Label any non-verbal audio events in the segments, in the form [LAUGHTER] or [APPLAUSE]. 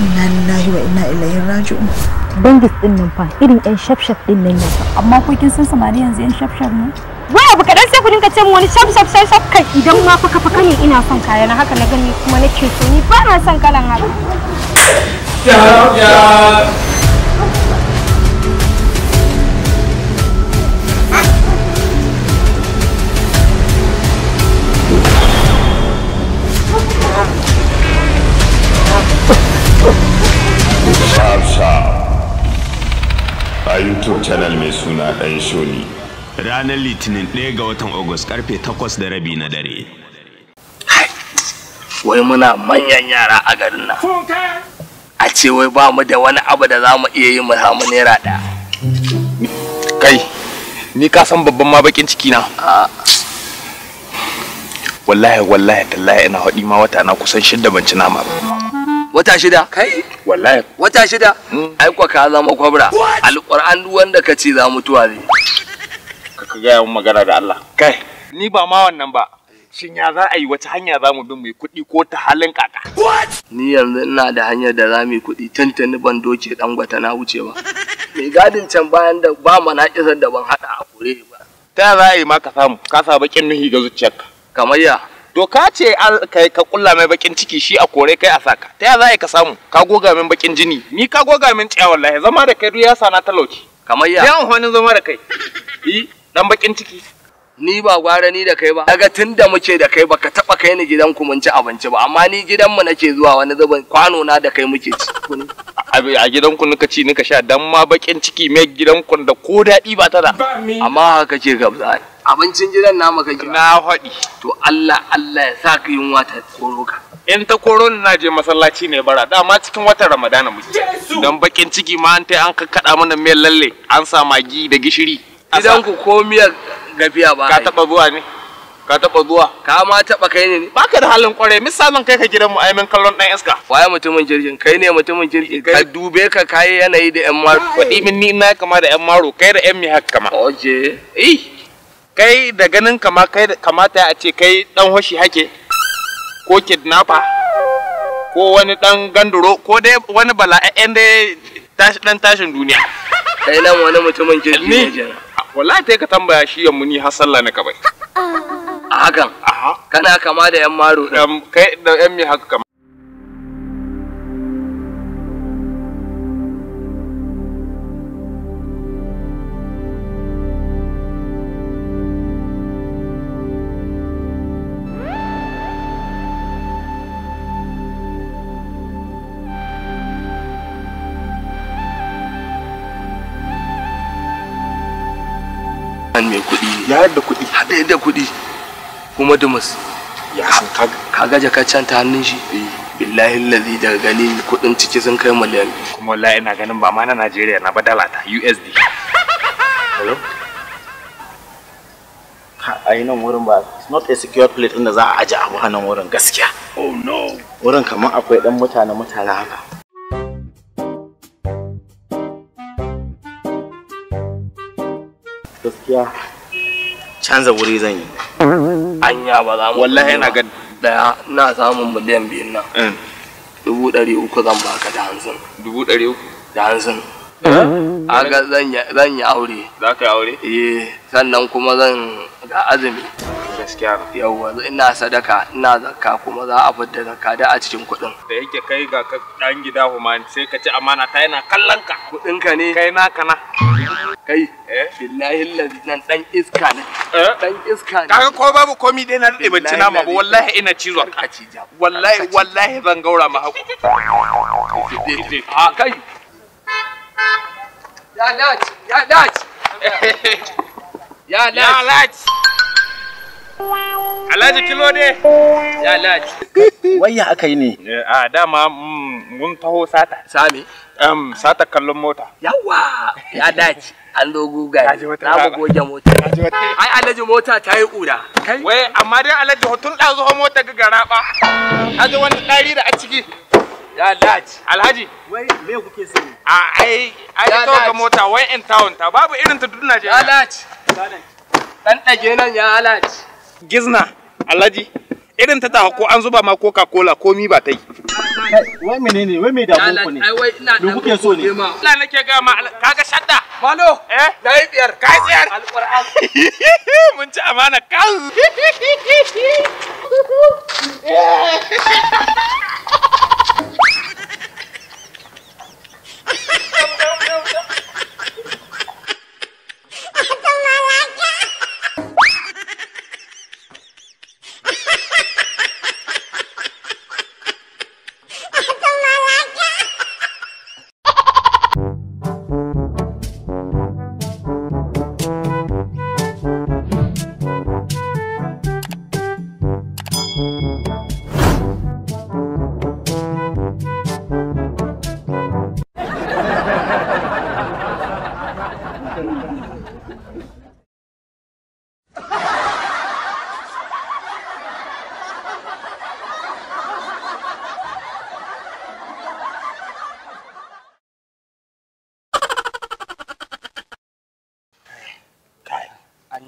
inna lillahi wa inna ilaihi raji'un dangis din nan fa irin yan shafshaf din nan yanzu amma ko kin san samari yanzu yan shafshaf ne wai abu kadan sai ku dinka ce mu wani shafshaf shafshaf kai idan ma faka faka ne ina son kaya na haka na gani kuma nake so ni ba na son kalan haka ya ya mai suna ɗan shoni ranar litinin ɗaya ga watan agus karfe takwas da rabi na dare wai muna manyan yara a garin na a ce wai ba mu da wani abu da za mu iya yi mu samu naira ɗaya kai ni ka san babban ma bakin ciki na wallahi wallahi tallahi ina haɗi ma wata na kusan shidda ban ci nama ba wata shida kai wallahi wata shida hmm. ai kwa ka zama kwabra alquran duk wanda ka ce za mutuwa ne ka gaya mun magana da Allah kai ni ba ma wannan ba shin ya za a yi wata hanya za mu bin mai kuɗi ko ta halin kaka ni yanzu ina da hanyar da za mu yi kuɗi tantani ban doke dan gwata na wuce ba mai gadin can bayan da ba na kisar da ban hada a kore ba ta za a yi ma ka samu ka sa bakin nuhi ga zuciyarka kamar ya doka ce ka kulla mai bakin ciki shi a kore kai a saka ta ya za ka samu ka goga min bakin jini ni ka goga min tsaya wallahi zama da kai duk ya sana talauci kamar ya yawan wani zama da kai yi dan bakin ciki ni ba gwara ni da kai ba daga tun da muke da kai baka taba kai ni gidan ku mun ci abinci ba amma ni gidan mu nake zuwa wani zubin kwano na da kai muke ci [LAUGHS] a gidan ku nika ci nika sha dan ma bakin ciki mai gidan ku da ko daɗi ba ta da amma haka ce gabza abincin gidan namu ka kira na faɗi to Allah Allah ya sa ka yunwa ta koro ka in ta koro ni na je masallaci ne bara dama cikin watan ramadana mu. don bakin ciki ma an tai an kakkada mana mai lalle an sa magi da gishiri idan ku ko miyar gafiya ba ka taba zuwa ne ka taba zuwa ka ma taba kai ne baka da halin kware misalin kai ka gidan mu aimin kallon dan iska waye mutumin jirgin kai ne mutumin jirgin ka dube ka kai yanayi da yan maro kudi min ni na kama da yan maro kai da yan mi hakka ma. oje eh kai da ganin kama kai kamata a ce kai dan hoshi hake ko kidnapper ko wani dan ganduro ko dai wani bala'en dai dan tashin duniya kai nan wani mutumin kirki ne jira wallahi ta ka tambaya shi yammu ni har sallah na kabai a hakan kana kama da yan maro kai da yan mi haka nan mai kuɗi ne ya yadda kuɗi hada yadda kuɗi kuma dumas ya san ka gaje ka can ta hannun shi eh. billahi lazi daga gani kuɗin ciki sun kai miliyan kuma wallahi ina ganin ba ma na Najeriya na ba dala ta USD hello a yi nan wurin ba it's not a secure plate inda za a aje abu a nan wurin gaskiya oh no wurin kamar akwai dan mutane mutane haka gaskiya canza wuri zan yi anya ba za mu wallahi ina ga daya ina samun miliyan biyu nan eh. dubu ɗari uku zan baka da hansun dubu ɗari uku da hansun eh? ga zan yi aure za ka yi aure eh sannan kuma zan ga azumi gaskiya yawwa ina sadaka ina zakka kuma za a fidda zakka da a cikin kuɗin da yake kai ga dan gida huma sai ka ci amana ta yana kallon ka kuɗin ka ne kai naka na kai eh, billahi nan dan iska ne eh? dan iska ne kaga ko babu komi dai na dade bacci nama ba wallahi ina cizo wallahi wallahi gaura ma a ah, kai ya lati ya lati eh. ya lati Alhaji kilo ne? Ya Alhaji. Wayya aka yi ne? Eh, a dama mm, mun taho sata. Sami? Um, sata kallon mota. Yawa! Ya Alhaji. An zo guga ne. Na mu goge mota. Ai Alhaji mota ta yi ƙura. Wai amma dai Alhaji hotun ɗan zuwa mota ga garaɓa. Ta zo wani ɗari da a ciki. Ya Alhaji. Alhaji. Wai me kuke so? A ai ai ta ga mota wai in town ta babu irin ta duna Najeriya. Ya Alhaji. Dan ɗage nan ya Alhaji. gizna alhaji irin ta ta ko an zuba ma coca cola komi ba ta yi wai menene wai me damu ku ne me kuke so ne Allah nake ga ma kaga shadda malo eh dai biyar kai biyar alquran [LAUGHS] mun ci amana kan [LAUGHS]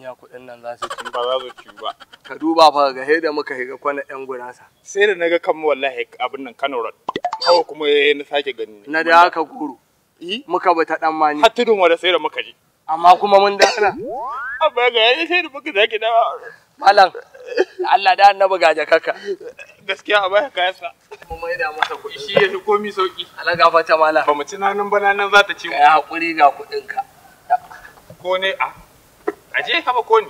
anya kuɗin nan za su ci ba za su ci ba ka duba fa ga da muka higa kwana yan gurasa sai da naga kan wallahi abin nan Kano road kawai kuma na sake gani na da haka guru muka ba ta dan mani har tudun wanda sai da muka ji. amma kuma mun da ana amma ga yayi sai da muka zaki da malam Allah da annabi gaje kaka gaskiya a baya kayansa. Mu mai da masa kuɗi. Shi ya fi komi ala Alaga fata malam Ba mu ci nanin bananan za ta ci mu. Ka hakuri ga kuɗinka. Ko ne a ah. Aje haba ko ni.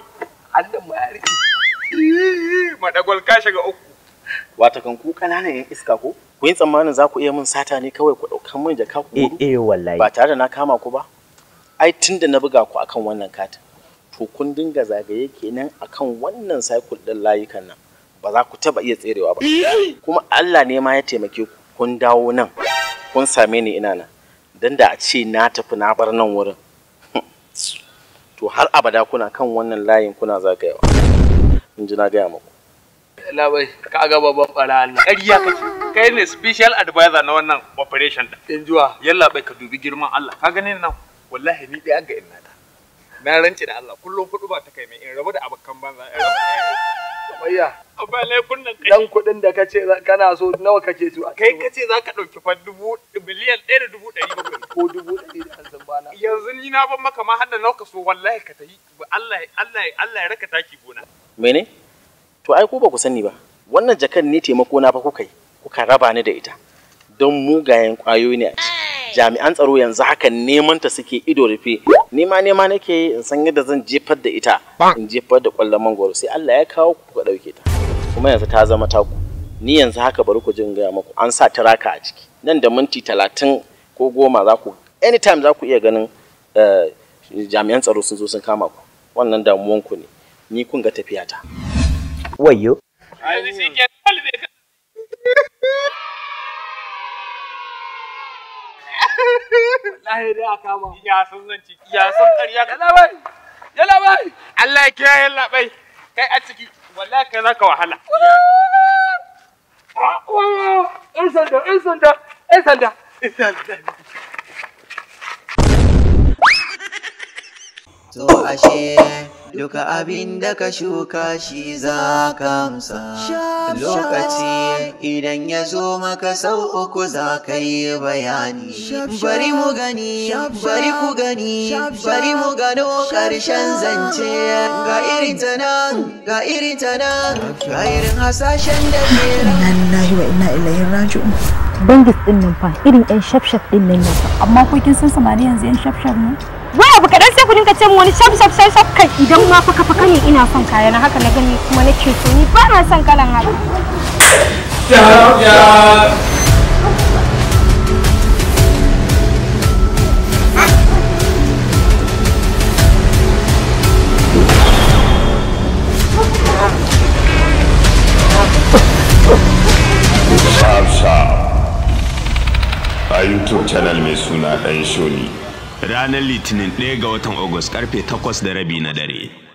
Allah ma yarki. Madagwal ka shiga uku. Wata kan ku kananan yan iska ko? Ku yi tsammanin za ku iya min sata ne kawai ku ɗaukan min jaka ku gudu? Eh eh wallahi. Ba tare da na kama ku ba? Ai tunda na buga ku akan wannan katin. To kun dinga zagaye kenan akan wannan cycle ɗin layukan nan. Ba za ku taba iya tserewa ba. Kuma Allah ne ma ya taimake ku kun dawo nan. Kun same ni ina nan. Dan da a ce na tafi na bar nan wurin. [LAUGHS] to har abada kuna kan wannan layin kuna zagayawa in ji na gaya muku labai ka ga babban bara Allah ƙarya kake kai ne special advisor na wannan operation da in juwa yalla bai ka dubi girman Allah ka gani nan wallahi ni dai an ga inna ta na rance da Allah kullum kudu ba ta kai mai in rabu da abakan banza bayya amma laifin nan kai dan kuɗin da kace kana so nawa kake so kai kace zaka dauki fa dubu miliyan 1 da dubu 100 yi na ban maka ma hannun nauka so wallahi ka Allah Allah ya raka taki gona mene to ai ko ba ku sani ba wannan jakan ne taimako na fa kuka yi kuka raba ni da ita don mugayen kwayoyi ne jami'an tsaro yanzu haka neman ta suke ido rufe nema nema nake in san yadda zan jefar da ita in jefar da kwallon mangoro sai Allah ya kawo ku ka dauke ta kuma yanzu ta zama taku ni yanzu haka bari ku jin gaya muku an sa raka a ciki nan da minti talatin ko goma za ku anytime za ku iya ganin Eh, jami'an tsaro sun zo sun kama ku wannan damuwan ku ne ni kun ga tafiya ta wayyo Allah ya kai a ciki wallahi kai wahala to ashe duka abin da ka shuka shi za ka amsa lokaci idan ya zo maka sau uku za ka yi bayani bari mu gani bari ku gani bari mu gano karshen zance ga irin ta nan ga irin ta nan ga irin hasashen da ke inna lillahi wa 'Ina ilaihi raju. bangis din nan fa irin yan shafshaf din nan ne amma ko kin san samari yanzu yan shafshaf ne wai abu kudin ka ce wani shaf shaf shaf shaf kai idan ma faka faka ne ina son kaya na haka na gani kuma nake so ni ba na son kalan haka ya, ya. Shab-shab, a YouTube channel me suna ɗan shoni. ranar litinin 1 ga watan agus karfe 8 da rabi na dare